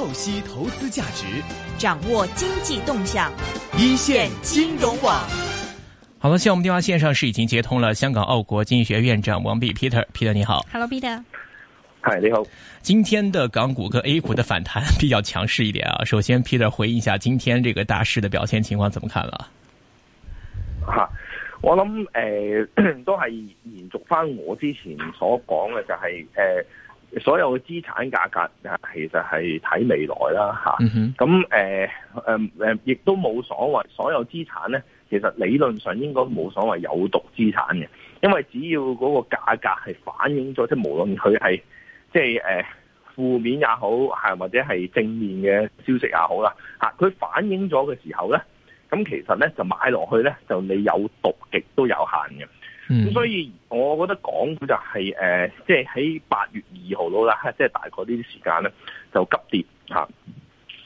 透析投資價值，掌握經濟動向，一綫金融網。好了，現在我們電話綫上是已經接通了。香港澳國經濟學院長王弼 Peter，Peter 你好，Hello Peter，係你好。今天的港股跟 A 股的反彈比較強勢一點啊。首先，Peter 回應一下今天這個大市的表現情況，怎麼看了？哈，我諗呃都係延續翻我之前所講嘅，就是，就係呃所有嘅資產價格其實係睇未來啦，嚇、嗯。咁誒誒誒，亦、呃呃、都冇所謂。所有資產咧，其實理論上應該冇所謂有毒資產嘅，因為只要嗰個價格係反映咗，即係無論佢係即係誒負面也好，係或者係正面嘅消息也好啦，嚇，佢反映咗嘅時候咧，咁其實咧就買落去咧，就你有毒極都有限嘅。咁、嗯、所以，我覺得港股就係、是、誒，即係喺八月二號到啦，即係大概呢啲時間咧就急跌嚇，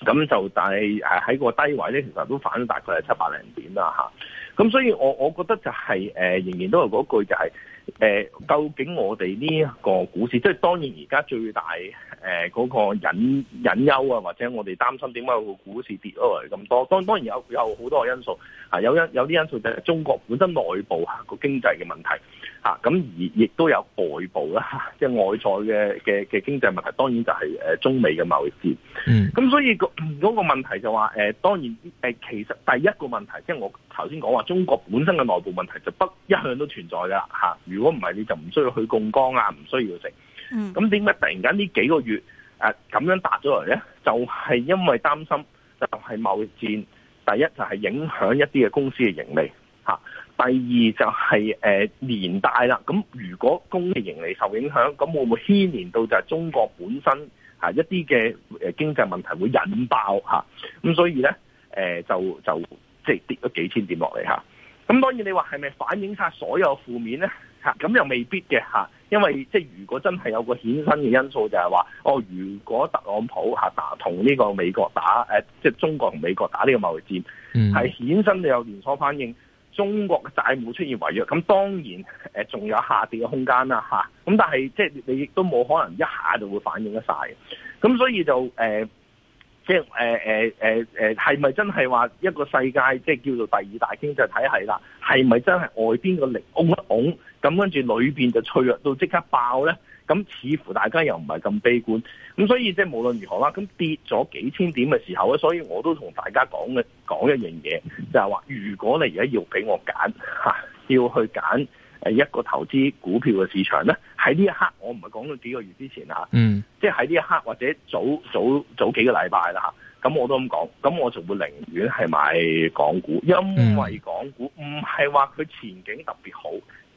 咁、啊、就但係喺個低位咧，其實都反大概係七百零點啦嚇。咁、啊、所以我，我我覺得就係、是、誒、呃，仍然都係嗰句就係、是。誒、呃，究竟我哋呢一個股市，即係當然而家最大誒嗰、呃那個隱隱憂啊，或者我哋擔心點解個股市跌咗落嚟咁多？當然當然有有好多因素啊，有因有啲因素就係中國本身內部吓個經濟嘅問題咁、啊、而亦都有外部啦、啊，即係外在嘅嘅嘅經濟問題，當然就係誒中美嘅貿易戰。嗯，咁所以嗰個、那個問題就話、是、誒、呃，當然誒、呃，其實第一個問題，即、就、係、是、我頭先講話中國本身嘅內部問題就不一向都存在噶吓。啊如果唔係，你就唔需要去槓桿啊，唔需要食。咁點解突然間呢幾個月誒咁、啊、樣達咗嚟咧？就係、是、因為擔心，就係貿易戰。第一就係影響一啲嘅公司嘅盈利吓、啊。第二就係誒連帶啦。咁、呃、如果公司盈利受影響，咁會唔會牽連到就係中國本身吓、啊、一啲嘅誒經濟問題會引爆吓？咁、啊、所以咧誒、呃、就就即係跌咗幾千點落嚟吓。咁、啊、當然你話係咪反映晒所有負面咧？咁又未必嘅，因為即係如果真係有個衍生嘅因素就，就係話哦，如果特朗普同呢個美國打，即係中國同美國打呢個貿易戰，係衍生你有連鎖反應，中國嘅債務出現違約，咁當然仲有下跌嘅空間啦，咁但係即係你亦都冇可能一下就會反應得晒，咁所以就、呃即係誒誒誒誒，係、呃、咪、呃呃、真係話一個世界即係叫做第二大經濟體系啦？係咪真係外邊個力拱一拱，咁跟住裏邊就脆弱到即刻爆咧？咁似乎大家又唔係咁悲觀，咁所以即係無論如何啦，咁跌咗幾千點嘅時候咧，所以我都同大家講嘅講一樣嘢，就係、是、話，如果你而家要俾我揀吓，要去揀。誒一個投資股票嘅市場咧，喺呢一刻我唔係講到幾個月之前嚇，嗯，即係喺呢一刻或者早早早幾個禮拜啦嚇，咁我都咁講，咁我就會寧願係買港股，因為港股唔係話佢前景特別好，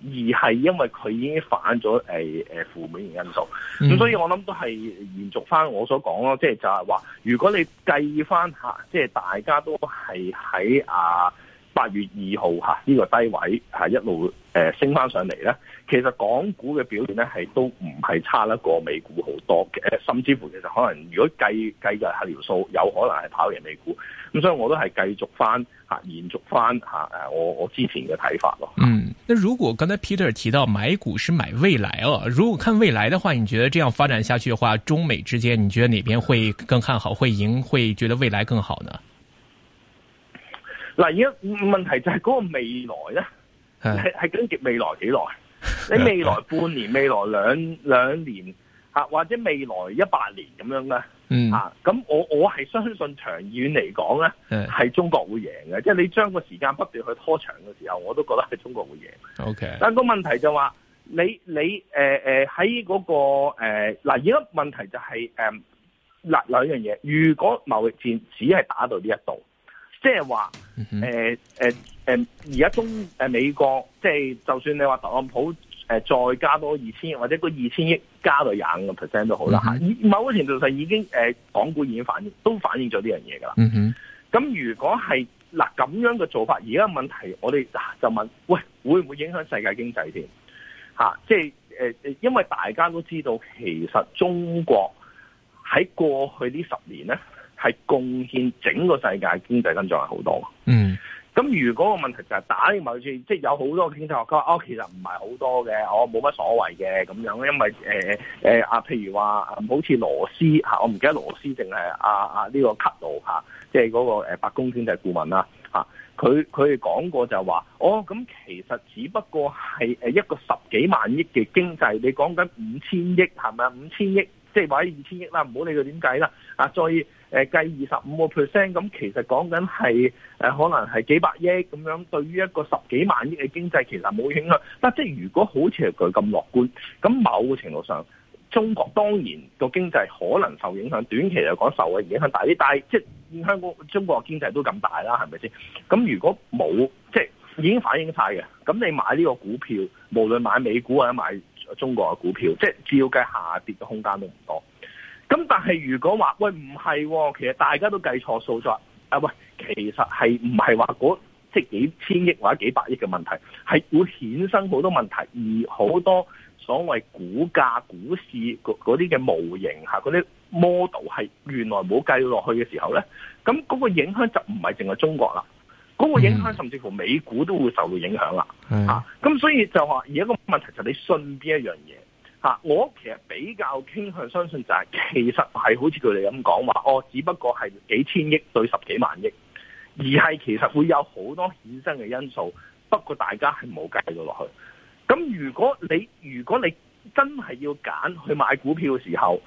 而係因為佢已經反咗誒誒負面嘅因素，咁、嗯、所以我諗都係延續翻我所講咯，即係就係、是、話，如果你計翻下，即係大家都係喺啊。八月二號吓，呢個低位係一路誒升翻上嚟咧，其實港股嘅表現咧係都唔係差得過美股好多嘅，甚至乎其實可能如果計計計下條數，有可能係跑贏美股。咁所以我都係繼續翻吓，延續翻吓誒我我之前嘅睇法咯。嗯，那如果剛才 Peter 提到買股是買未來啊，如果看未來嘅話，你覺得這樣發展下去嘅話，中美之間你覺得哪邊會更看好，會贏，會覺得未來更好呢？嗱，而家問題就係嗰個未來咧，係係緊接未來幾耐？你未來半年、未來兩兩年嚇，或者未來一百年咁樣咧嚇。咁、嗯啊、我我係相信長遠嚟講咧，係中國會贏嘅。即係你將個時間不斷去拖長嘅時候，我都覺得係中國會贏。Okay. 但個問題就話你你誒誒喺嗰個誒嗱，而家問題就係誒嗱兩樣嘢。如果貿易戰只係打到呢一度。即係話，誒誒誒，而、呃、家中誒、呃、美國，即、就、係、是、就算你話特朗普誒再加多二千億，或者個二千億加到廿五個 percent 都好啦吓，某個程度上已經誒港、呃、股已經反映都反映咗呢樣嘢噶啦。咁如果係嗱咁樣嘅做法，而家問題我哋就問，喂會唔會影響世界經濟添？吓、啊，即係誒，因為大家都知道，其實中國喺過去呢十年咧，係貢獻整個世界的經濟增長係好多，嗯，咁如果個問題就係打呢個貿易戰，即係有好多經濟學家哦，其實唔係好多嘅，我冇乜所謂嘅咁樣，因為誒誒啊，譬如話好似羅斯吓，我唔記得羅斯定係阿呢個克魯吓，即係嗰個誒白宮經濟顧問啦吓，佢佢哋講過就話，哦，咁、嗯、其實只不過係誒一個十幾萬億嘅經濟，你講緊五千億係咪五千億，即係或者二千億啦，唔好理佢點計啦，啊，再。誒計二十五個 percent，咁其實講緊係誒可能係幾百億咁樣，對於一個十幾萬億嘅經濟，其實冇影響。但即係如果好似佢咁樂觀，咁某個程度上，中國當然個經濟可能受影響，短期嚟講受嘅影響大啲。但係即係香港中國經濟都咁大啦，係咪先？咁如果冇，即係已經反映晒嘅，咁你買呢個股票，無論買美股或者買中國嘅股票，即係照計下跌嘅空間都唔多。咁但係如果話喂唔係喎，其實大家都計錯數咗。啊、呃、喂，其實係唔係話嗰即係幾千億或者幾百億嘅問題，係會衍生好多問題，而好多所謂股價、股市嗰啲嘅模型嗰啲 model 係原來冇計落去嘅時候咧，咁嗰個影響就唔係淨係中國啦，嗰、嗰個影響甚至乎美股都會受到影響啦。嚇、嗯嗯啊，咁所以就話而家個問題就係你信邊一樣嘢？啊！我其實比較傾向相信就係、是，其實係好似佢哋咁講話，哦，只不過係幾千億對十幾萬億，而係其實會有好多衍生嘅因素，不過大家係冇計到落去。咁如果你如果你真係要揀去買股票嘅時候，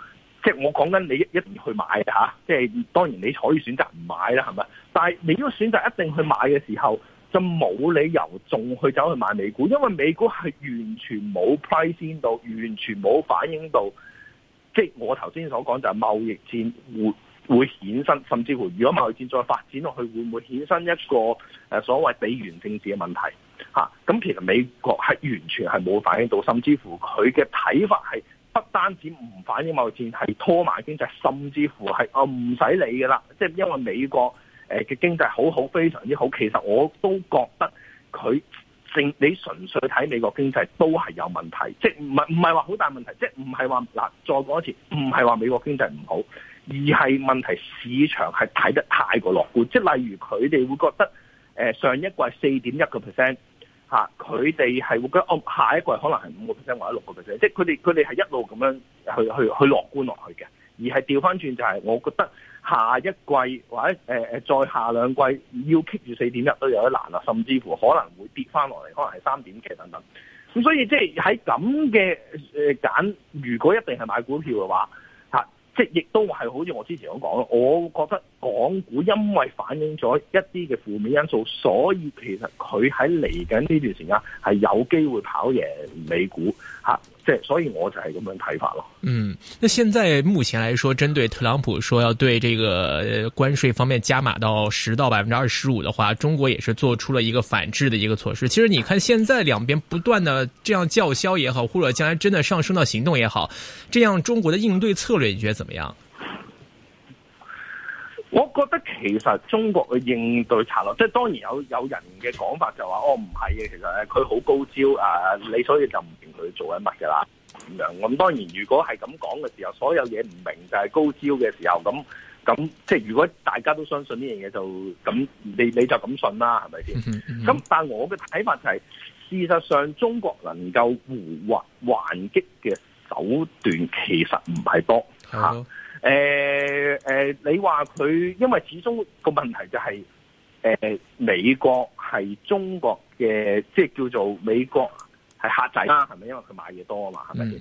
即係我講緊你一定要去買嚇，即係當然你可以選擇唔買啦，係咪？但係你如果選擇一定去買嘅時候，就冇理由仲去走去買美股，因為美股係完全冇 price 先到，完全冇反映到，即係我頭先所講就係貿易戰會會衍生，甚至乎如果貿易戰再發展落去，會唔會衍生一個誒所謂美元政治嘅問題吓，咁其實美國係完全係冇反映到，甚至乎佢嘅睇法係不單止唔反映貿易戰，係拖慢經濟，甚至乎係啊唔使理噶啦，即係因為美國。誒嘅經濟好好非常之好，其實我都覺得佢純你純粹睇美國經濟都係有問題，即係唔係唔係話好大問題，即係唔係話嗱再講一次，唔係話美國經濟唔好，而係問題市場係睇得太過樂觀，即係例如佢哋會覺得誒上一季四點一個 percent 嚇，佢哋係會覺得哦下一季可能係五個 percent 或者六個 percent，即係佢哋佢哋係一路咁樣去去去樂觀落去嘅。而係調翻轉就係、係，我覺得下一季或者、呃、再下兩季要 keep 住四點一都有得難啦，甚至乎可能會跌翻落嚟，可能係三點幾等等。咁所以即係喺咁嘅誒揀，如果一定係買股票嘅話，啊、即係亦都係好似我之前咁講咯，我覺得港股因為反映咗一啲嘅負面因素，所以其實佢喺嚟緊呢段時間係有機會跑贏美股、啊。即係，所以我就係咁樣睇法咯。嗯，那現在目前來說，針對特朗普說要對這個關稅方面加碼到十到百分之二十五的話，中國也是做出了一個反制的一個措施。其實，你看現在兩邊不斷地這樣叫囂也好，或者將來真的上升到行動也好，這樣中國的應對策略你覺得怎麼樣？我覺得其實中國嘅應對策略，即係當然有有人嘅講法就話，哦唔係嘅，其實佢好高招啊，你所以就唔佢做緊乜嘅啦？咁樣，咁當然，如果係咁講嘅時候，所有嘢唔明就係高招嘅時候，咁咁即係如果大家都相信呢樣嘢，就咁你你就咁信啦，係咪先？咁 但係我嘅睇法就係、是，事實上中國能夠互環還擊嘅手段其實唔係多吓。誒 誒、啊 呃呃呃，你話佢，因為始終個問題就係、是，誒、呃、美國係中國嘅，即係叫做美國。係客仔啦，係咪？因為佢買嘢多啊嘛，係咪、嗯？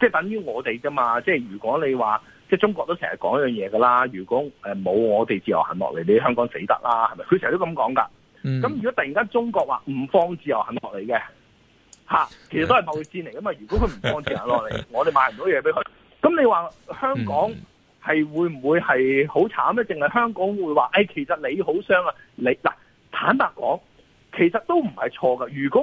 即係等於我哋啫嘛。即係如果你話，即係中國都成日講一樣嘢噶啦。如果誒冇、呃、我哋自由行落嚟，你香港死得啦，係咪？佢成日都咁講噶。咁、嗯、如果突然間中國話唔放自由行落嚟嘅、吓、啊，其實都係貿易戰嚟噶嘛。如果佢唔放自由行落嚟， 我哋買唔到嘢俾佢。咁你話香港係會唔會係好慘咧？定、嗯、係香港會話誒、哎，其實你好傷啊。你嗱坦白講。其實都唔係錯噶。如果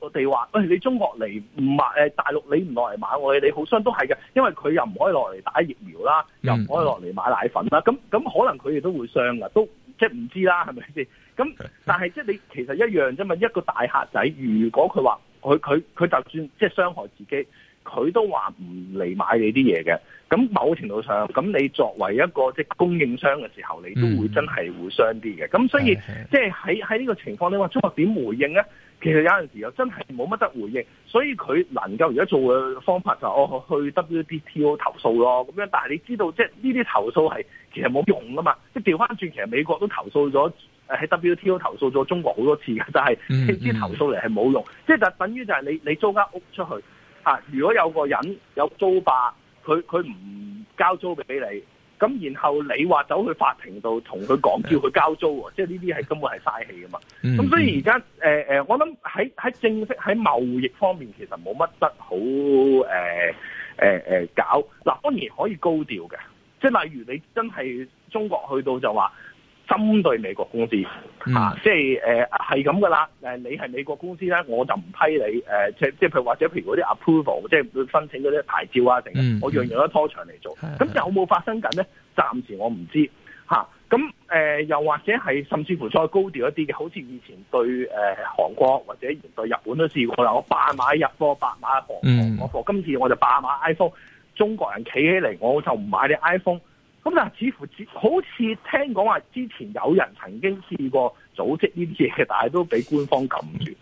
我哋話，喂、哎，你中國嚟唔買誒大陸，你唔落嚟買我哋，你好傷都係嘅。因為佢又唔可以落嚟打疫苗啦，又唔可以落嚟買奶粉啦。咁、嗯、咁可能佢哋都會傷噶，都即係唔知啦，係咪先？咁但係即係你其實一樣啫嘛。一個大客仔，如果佢話佢佢佢就算即係傷害自己。佢都話唔嚟買你啲嘢嘅，咁某程度上，咁你作為一個即係供應商嘅時候，你都會、嗯、真係會傷啲嘅。咁所以是是是即係喺喺呢個情況底下，你話中國點回應咧？其實有陣時又真係冇乜得回應。所以佢能夠而家做嘅方法就係我、是哦、去 WTO 投訴咯。咁樣，但係你知道即係呢啲投訴係其實冇用㗎嘛？即係調翻轉，其實美國都投訴咗喺 WTO 投訴咗中國好多次嘅，但係呢啲投訴嚟係冇用，即係就等於就係你你租間屋出去。啊，如果有個人有租霸，佢佢唔交租俾你，咁然後你話走去法庭度同佢講，叫佢交租喎、啊，即係呢啲係根本係嘥氣㗎嘛！咁所以而家、呃、我諗喺喺正式喺貿易方面，其實冇乜得好誒誒、呃呃、搞。嗱，當然可以高調嘅，即係例如你真係中國去到就話。針對美國公司，啊、即係誒係咁噶啦。你係美國公司咧，我就唔批你誒，呃，即即係譬如或者譬如嗰啲 approval，即係去申請嗰啲牌照啊，成日，我樣樣都拖長嚟做。咁有冇發生緊咧？暫時我唔知嚇。咁、啊、誒、啊呃、又或者係甚至乎再高調一啲嘅，好似以前對誒，呃、韓國或者對日本都試過啦。我霸買日貨，霸買韓韓貨，今次我就霸買 iPhone。中國人企起嚟，我就唔買啲 iPhone。咁但係似乎好似聽講話之前有人曾經試過組織呢啲嘢嘅，但係都俾官方撳住。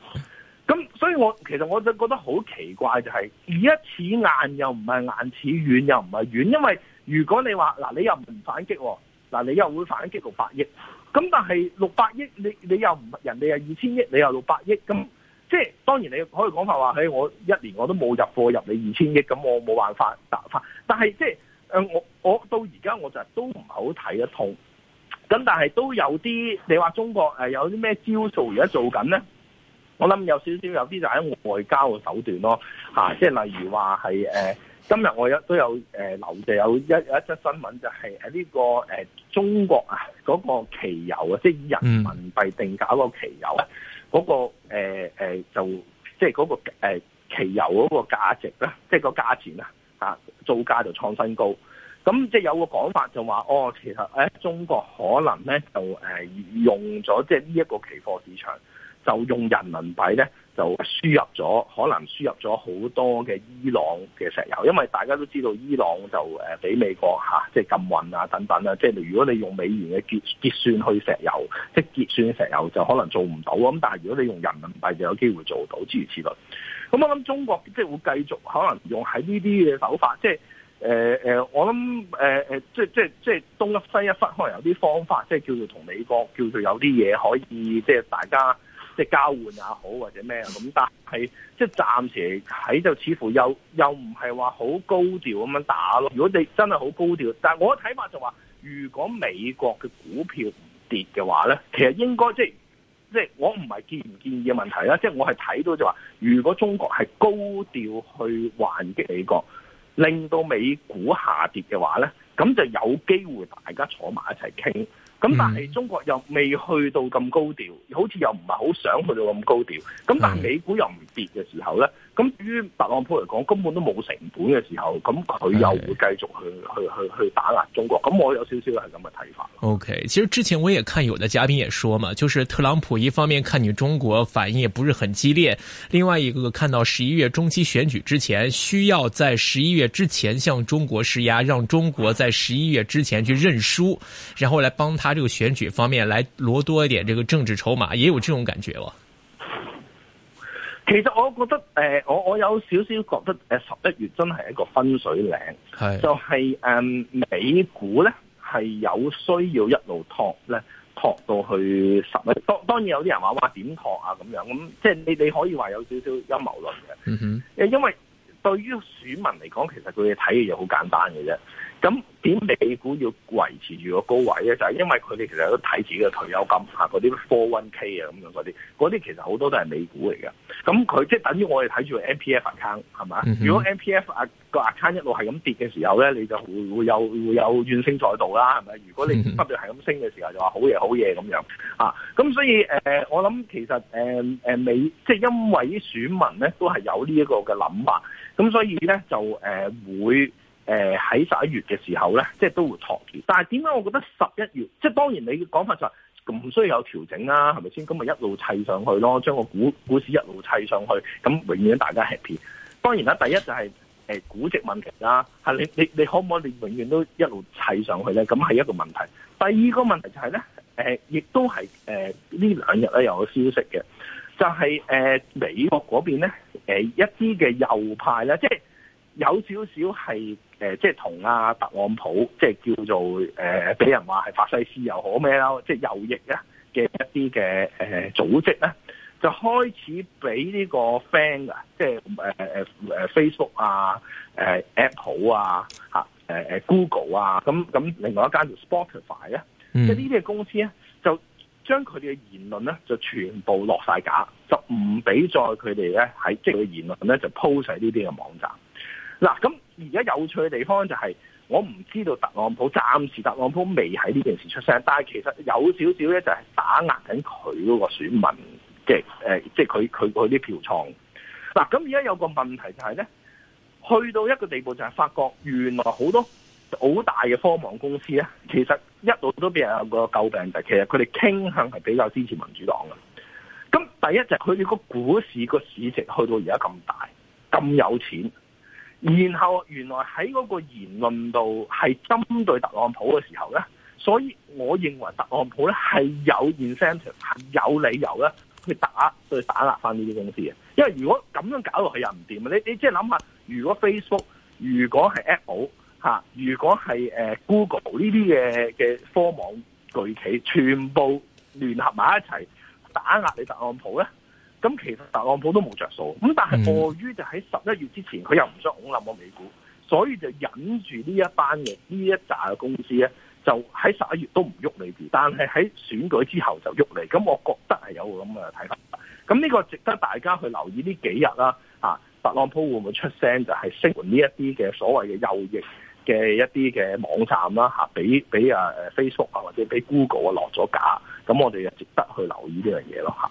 咁所以我其實我就覺得好奇怪，就係，就係而家似硬又唔係硬，似軟又唔係軟。因為如果你話嗱，你又唔反擊，喔，嗱你又會反擊六百億。咁但係六百億，你你又唔人哋又二千億，你又六百億。咁即係當然你可以講法話係我一年我都冇入貨入你二千億，咁我冇辦法，但係即係。誒我我到而家我就都唔係好睇得通，咁但係都有啲你話中國誒、呃、有啲咩招數而家做緊咧？我諗有少少有啲就喺外交嘅手段咯，嚇、啊，即係例如話係誒今日我有都有誒留就有一一,一則新聞就係誒呢個誒、呃、中國啊嗰、那個期油啊，即、就、係、是、人民幣定價嗰、啊那個期、呃那個呃、油咧，嗰個誒就即係嗰個誒期油嗰個價值咧，即係個價錢啊！啊，造價就創新高，咁即係有個講法就話，哦，其實誒，中國可能咧就誒用咗即係呢一個期貨市場，就用人民幣咧就輸入咗，可能輸入咗好多嘅伊朗嘅石油，因為大家都知道伊朗就誒俾美國吓即係禁運啊等等啦，即係如果你用美元嘅結結算去石油，即係結算石油就可能做唔到，咁但係如果你用人民幣就有機會做到，諸如此類。咁我諗中國即係會繼續可能用喺呢啲嘅手法，即係誒誒，我諗誒誒，即係即係即係東一西一忽，可能有啲方法，即係叫做同美國叫做有啲嘢可以，即係大家即係交換也好或者咩啊咁，但係即係暫時喺就似乎又又唔係話好高調咁樣打咯。如果你真係好高調，但係我嘅睇法就話，如果美國嘅股票唔跌嘅話咧，其實應該即係。即係我唔係建唔建議嘅問題啦，即係我係睇到，就話，如果中國係高調去還擊美國，令到美股下跌嘅話咧，咁就有機會大家坐埋一齊傾。咁、嗯、但係中國又未去到咁高調，好似又唔係好想去到咁高調。咁但係美股又唔跌嘅時候呢，咁、嗯、於特朗普嚟講根本都冇成本嘅時候，咁佢又會繼續去、嗯、去去去打壓中國。咁我有少少係咁嘅睇法。Okay，其實之前我也看有的嘉賓也說嘛，就是特朗普一方面看你中國反應也不是很激烈，另外一個看到十一月中期選舉之前需要在十一月之前向中國施壓，讓中國在十一月之前去認輸，然後來幫他。呢個選舉方面來攞多一點，這個政治籌碼也有這種感覺喎。其實我覺得，誒、呃，我我有少少覺得，誒，十一月真係一個分水嶺，係就係、是、誒、嗯、美股咧係有需要一路托咧，托到去十一月。當當然有啲人話話點托啊咁樣，咁即係你你可以話有少少陰謀論嘅。嗯、哼，因為對於選民嚟講，其實佢哋睇嘅嘢好簡單嘅啫。咁點美股要維持住個高位咧？就係、是、因為佢哋其實都睇自己嘅退休金嚇，嗰啲 401k 啊咁樣嗰啲，嗰啲其實好多都係美股嚟嘅。咁佢即係等於我哋睇住 M P F account 係咪、嗯？如果 M P F 啊個 account 一路係咁跌嘅時候咧，你就會有會有會有怨聲載道啦，係咪？如果你不斷係咁升嘅時候，就話好嘢好嘢咁樣咁、啊、所以、呃、我諗其實、呃、美，即係因為啲選民咧都係有呢一個嘅諗法，咁所以咧就、呃、會。誒喺十一月嘅時候咧，即係都會托住。但係點解我覺得十一月即係當然你嘅講法就係、是、唔需要有調整啦、啊，係咪先？咁咪一路砌上去咯，將個股股市一路砌上去，咁永遠大家 happy。當然啦，第一就係、是、誒、呃、估值問題啦、啊，係你你你可唔可以永遠都一路砌上去咧？咁係一個問題。第二個問題就係咧，誒、呃、亦都係誒、呃、呢兩日咧有個消息嘅，就係、是、誒、呃、美國嗰邊咧，一啲嘅右派呢。即係。有少少係誒，即係同阿特朗普即係叫做誒，俾、呃、人話係法西斯又好咩啦，即係右翼啊嘅一啲嘅誒組織咧，就開始俾呢個、呃、friend 啊，即係 Facebook 啊、Apple 啊、呃、Google 啊，咁咁另外一間叫 Spotify 咧、啊嗯，即係呢啲嘅公司咧，就將佢哋嘅言論咧，就全部落晒架，就唔俾再佢哋咧喺即佢佢言論呢咧，就 p 晒 s 呢啲嘅網站。嗱咁而家有趣嘅地方就係我唔知道特朗普暫時特朗普未喺呢件事出聲，但係其實有少少咧就係打壓緊佢嗰個選民嘅誒即係佢佢佢啲票倉。嗱咁而家有個問題就係咧，去到一個地步就係發覺原來好多好大嘅科網公司咧，其實一路都俾人有個詬病，就係、其實佢哋傾向係比較支持民主黨嘅。咁第一就係佢哋個股市個市值去到而家咁大咁有錢。然後原來喺嗰個言論度係針對特朗普嘅時候咧，所以我認為特朗普咧係有 incentive，係有理由咧去打去打壓翻呢啲公司嘅，因為如果咁樣搞落去又唔掂啊！你你即係諗下，如果 Facebook，如果係 Apple、啊、如果係 Google 呢啲嘅嘅科網巨企，全部聯合埋一齊打壓你特朗普咧？咁其實特朗普都冇着數，咁但係礙於就喺十一月之前，佢又唔想恐冧我美股，所以就忍住呢一班嘅呢一扎嘅公司咧，就喺十一月都唔喐你哋，但係喺選舉之後就喐嚟，咁我覺得係有咁嘅睇法。咁呢個值得大家去留意呢幾日啦。特朗普會唔會出聲就係聲援呢一啲嘅所謂嘅右翼嘅一啲嘅網站啦？嚇，俾俾啊 Facebook 啊或者俾 Google 啊落咗架，咁我哋就值得去留意呢樣嘢咯，嚇。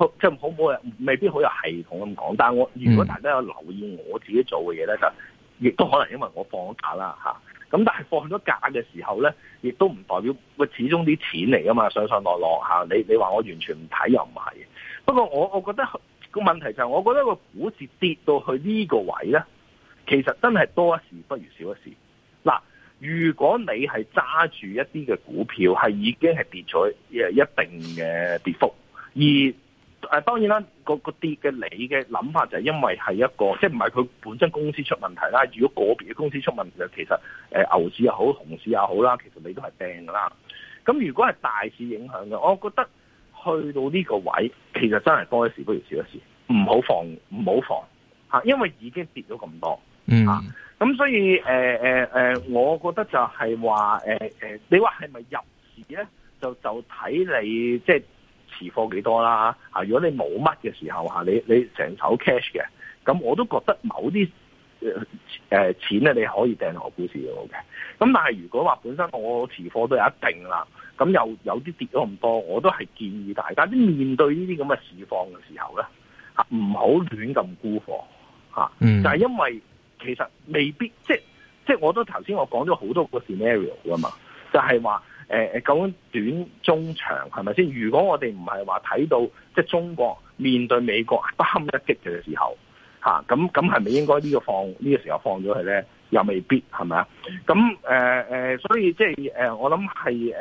好即係好唔好？未必好有系統咁講。但係我如果大家有留意我自己做嘅嘢咧，就亦都可能因為我放咗假啦咁、啊、但係放咗假嘅時候咧，亦都唔代表佢始終啲錢嚟噶嘛，上上落落下、啊。你你話我完全唔睇又唔係。不過我我覺得個問題就係，我覺得個、就係、股市跌到去呢個位咧，其實真係多一事不如少一事。嗱、啊，如果你係揸住一啲嘅股票係已經係跌咗一一定嘅跌幅，而誒當然啦，個個跌嘅你嘅諗法就係因為係一個，即係唔係佢本身公司出問題啦？如果個別嘅公司出問題，其實誒、呃、牛市又好，熊市又好啦，其實你都係掟噶啦。咁如果係大市影響嘅，我覺得去到呢個位，其實真係多一事不如少一事，唔好放，唔好放吓，因為已經跌咗咁多，嗯，咁、啊、所以誒誒、呃呃、我覺得就係話誒誒你話係咪入市咧？就就睇你即係持貨幾多啦？嚇！如果你冇乜嘅時候嚇，你你成手 cash 嘅，咁我都覺得某啲誒、呃、錢咧，你可以掟落股市嘅。咁但係如果話本身我持貨都有一定啦，咁又有啲跌咗咁多，我都係建議大家啲面對呢啲咁嘅市況嘅時候咧嚇，唔好亂咁沽貨嚇、嗯。就係、是、因為其實未必，即即我都頭先我講咗好多個 scenario 噶嘛，就係話。誒誒究竟短中長係咪先？如果我哋唔係話睇到即係、就是、中國面對美國不堪一擊嘅時候，嚇咁咁係咪應該呢個放呢、呢個時候放咗佢咧？又未必係咪啊？咁誒誒，所以即係誒我諗係誒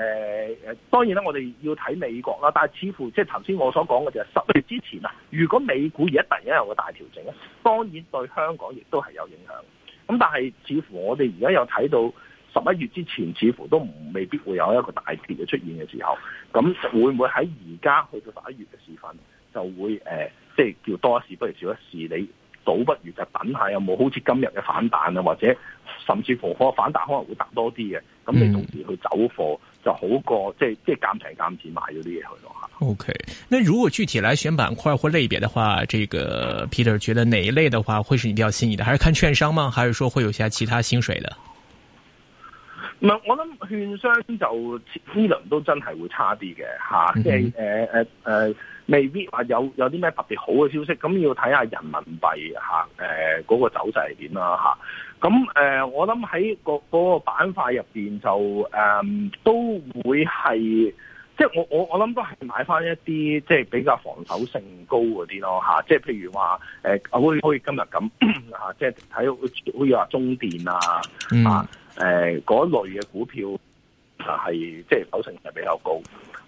誒，當然啦，我哋要睇美國啦。但係似乎即係頭先我所講嘅就係十月之前啊。如果美股而家突然間有個大調整咧，當然對香港亦都係有影響。咁但係似乎我哋而家又睇到。十一月之前似乎都唔未必會有一個大跌嘅出現嘅時候，咁會唔會喺而家去到十一月嘅時分，就會誒、呃，即係叫多一事不如少一事，你倒不如就等下有冇好似今日嘅反彈啊，或者甚至乎可反彈可能會得多啲嘅，咁你同時去走貨就、嗯、就好過，即係即係減停減止買咗啲嘢去咯吓。OK，那如果具體嚟選板塊或類別的話，這個 Peter 覺得哪一類的話會是你比較心儀的？還是看券商嗎？還是說會有些其他薪水的？唔係，我諗券商就呢輪都真係會差啲嘅、嗯、即係、呃呃、未必話有有啲咩特別好嘅消息，咁要睇下人民幣嗰、啊呃嗰個走勢係點啦，咁我諗喺個嗰、嗰個板塊入面就、嗯、都會係，即係我我我諗都係買翻一啲即係比較防守性高嗰啲咯，即係譬如話我、呃、好似 好似今日咁即係睇好似話中電啊啊。嗯誒、呃，嗰類嘅股票啊，係即係守性係比較高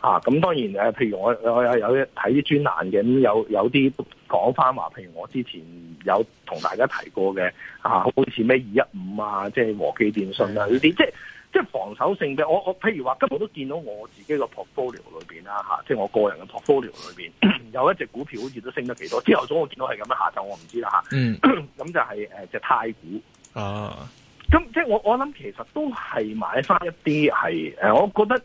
吓。咁、啊、當然誒、啊，譬如我我有有睇啲專欄嘅，咁有有啲講翻話，譬如我之前有同大家提過嘅啊，好似咩二一五啊，即、啊、係、就是、和記電信啊呢啲，即係即係防守性嘅。我我譬如話，今日都見到我自己個 portfolio 裏邊啦吓，即、啊、係、就是、我個人嘅 portfolio 裏邊、嗯、有一隻股票好似都升得幾多。朝頭早我見到係咁樣，下晝我唔知啦吓、啊。嗯，咁就係、是、誒、就、呃、太古啊。咁即係我我諗其實都係買翻一啲係誒，我覺得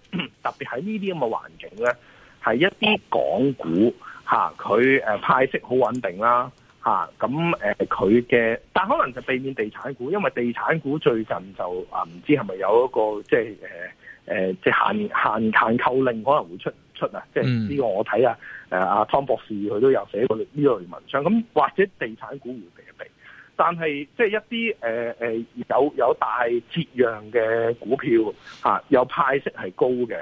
特別喺呢啲咁嘅環境咧，係一啲港股吓，佢、啊、誒、啊、派息好穩定啦吓。咁誒佢嘅，但可能就避免地產股，因為地產股最近就啊唔知係咪有一個即係誒誒即係限限限購令可能會出出啊。即係呢個我睇下、啊，誒阿湯博士佢都有寫過呢類文章。咁或者地產股會避一避。但係即係一啲誒、呃、有有大折讓嘅股票、啊、有派息係高嘅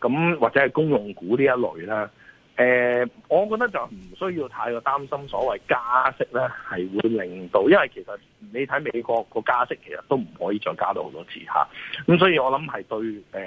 咁、啊、或者係公用股呢一類呢，誒、呃，我覺得就唔需要太過擔心所謂加息咧，係會令到，因為其實你睇美國個加息其實都唔可以再加到好多次下咁、啊、所以我，我諗係對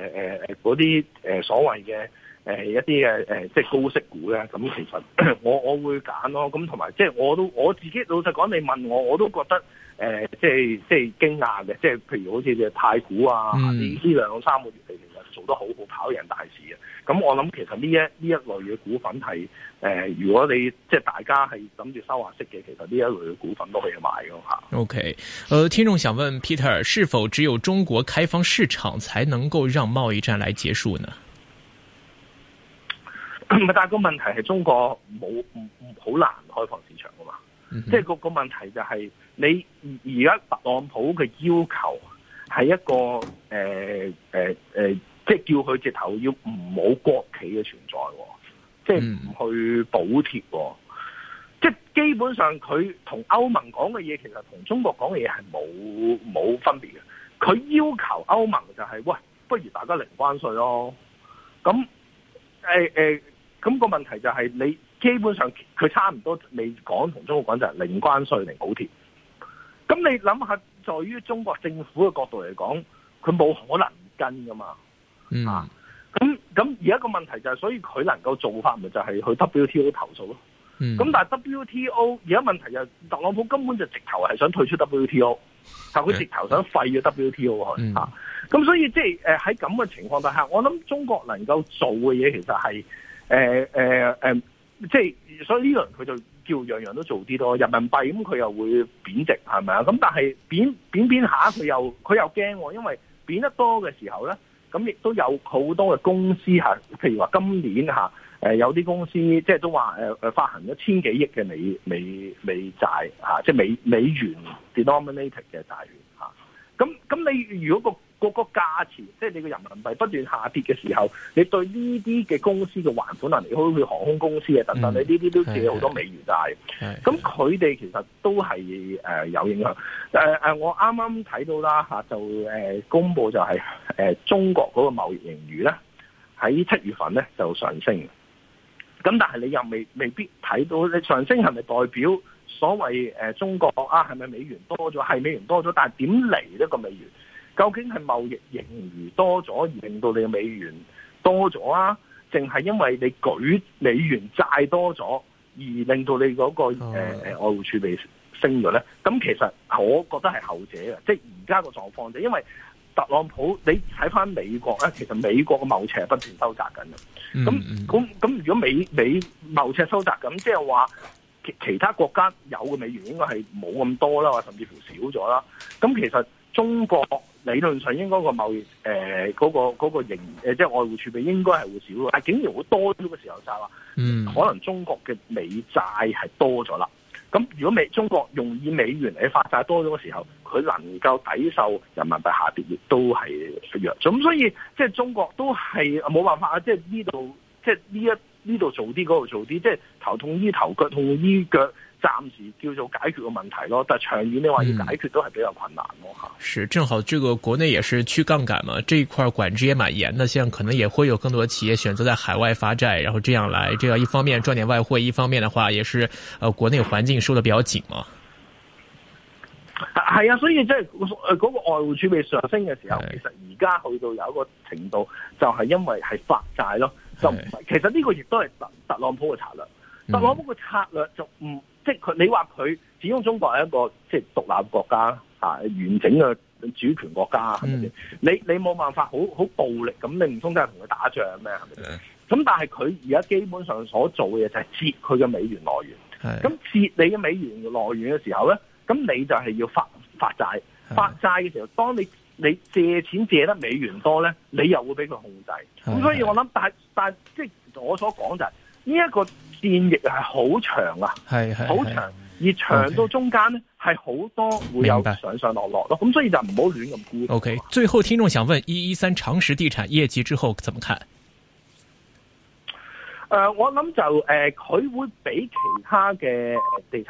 誒嗰啲所謂嘅。誒、呃，一啲嘅誒，即係高息股咧，咁其實我我會揀咯，咁同埋即係我都我自己老實講，你問我我都覺得誒、呃，即係即係驚訝嘅，即係譬如好似隻太古啊，呢、嗯、呢兩三個月嚟其實做得好好，跑贏大市啊。咁、嗯、我諗其實呢一呢一類嘅股份係誒、呃，如果你即係大家係諗住收下息嘅，其實呢一類嘅股份都可以買嘅吓。OK，誒、呃，聽眾想問 Peter，是否只有中國開放市場才能夠讓貿易戰來結束呢？唔係，但係個問題係中國冇唔唔好難開放市場噶嘛，嗯、即係個個問題就係你而而家特朗普嘅要求係一個誒誒誒，即係叫佢直頭要唔冇國企嘅存在、哦，即係唔去補貼、哦嗯，即係基本上佢同歐盟講嘅嘢，其實同中國講嘅嘢係冇冇分別嘅。佢要求歐盟就係、是、喂，不如大家零關稅咯，咁誒誒。欸欸咁、那個問題就係你基本上佢差唔多你講同中國講就係零關稅零補貼，咁你諗下，在於中國政府嘅角度嚟講，佢冇可能跟噶嘛？嗯，咁咁而家個問題就係，所以佢能夠做法咪就係去 WTO 投訴咯、嗯？咁但係 WTO 而家問題就係特朗普根本就直頭係想退出 WTO，、嗯、就佢直頭想廢咗 WTO 吓，咁、嗯啊、所以即係誒喺咁嘅情況底下，我諗中國能夠做嘅嘢其實係。誒誒誒，即係所以呢輪佢就叫樣樣都做啲多，人民幣咁佢又會貶值係咪啊？咁但係貶貶貶下佢又佢又驚，因為貶得多嘅時候咧，咁亦都有好多嘅公司嚇，譬如話今年嚇誒、呃、有啲公司即係都話誒誒發行咗千幾億嘅美美美債嚇、啊，即係美美元 denominated 嘅債券嚇。咁、啊、咁你如果個個個價錢，即係你個人民幣不斷下跌嘅時候，你對呢啲嘅公司嘅還款能力，好似航空公司啊等等，你呢啲都借好多美元債，咁佢哋其實都係有影響。是是是我啱啱睇到啦就公佈就係、是、中國嗰個貿易盈餘咧，喺七月份咧就上升。咁但係你又未未必睇到，你上升係咪代表所謂中國啊？係咪美元多咗？係美元多咗，但係點嚟呢個美元？究竟係貿易盈餘多咗而令到你嘅美元多咗啊？淨係因為你舉美元債多咗而令到你嗰、那個誒誒、呃、外匯儲備升咗咧？咁其實我覺得係後者嘅，即係而家個狀況就因為特朗普，你睇翻美國咧，其實美國嘅貿赤係不斷收窄緊嘅。咁咁咁，如果美美貿赤收窄咁，即係話其、其他國家有嘅美元應該係冇咁多啦，或甚至乎少咗啦。咁其實中國。理論上應該嗰個貿易誒嗰、呃嗰個嗰、嗰個即係、呃即係、外匯儲備應該係會少的，但竟然會多咗嘅時候就話，嗯，可能中國嘅美債係多咗啦。咁如果美中國用以美元嚟發債多咗嘅時候，佢能夠抵受人民幣下跌，亦都係弱。咁所以即係、即係、中國都係冇辦法啊！即係呢度即係呢一呢度做啲，嗰度做啲，即係、即係、頭痛醫頭，腳痛醫腳。暫時叫做解決個問題咯，但係長遠你話要解決都係比較困難咯嚇、嗯。是，正好這個國內也是去槓杆嘛，這一塊管制也蠻嚴。那現可能也會有更多企業選擇在海外發債，然後這樣來，這樣、個、一方面賺點外匯，一方面的話也是，呃，國內環境收得比較緊嘛。係啊，所以即係嗰個外匯儲備上升嘅時候，其實而家去到有一個程度，就係因為係發債咯，就其實呢個亦都係特特朗普嘅策略。特朗普嘅策略就唔～、嗯即係佢，你話佢始終中國係一個即係獨立國家吓，完整嘅主權國家。係咪先？嗯，你你冇辦法好好暴力咁，你唔通真係同佢打仗咩？咁但係佢而家基本上所做嘅嘢就係截佢嘅美元來源。咁截你嘅美元來源嘅時候咧，咁你就係要發發債，發債嘅時候，當你你借錢借得美元多咧，你又會俾佢控制。咁所以我諗，但係但係即係我所講就係呢一個。戰役係好長啊，係係好長，而長到中間呢，係好多會有上上落落咯，咁所以就唔好亂咁沽。OK，最後聽眾想問：一一三長實地產業績之後怎麼看？誒、呃，我諗就誒，佢、呃、會比其他嘅地產。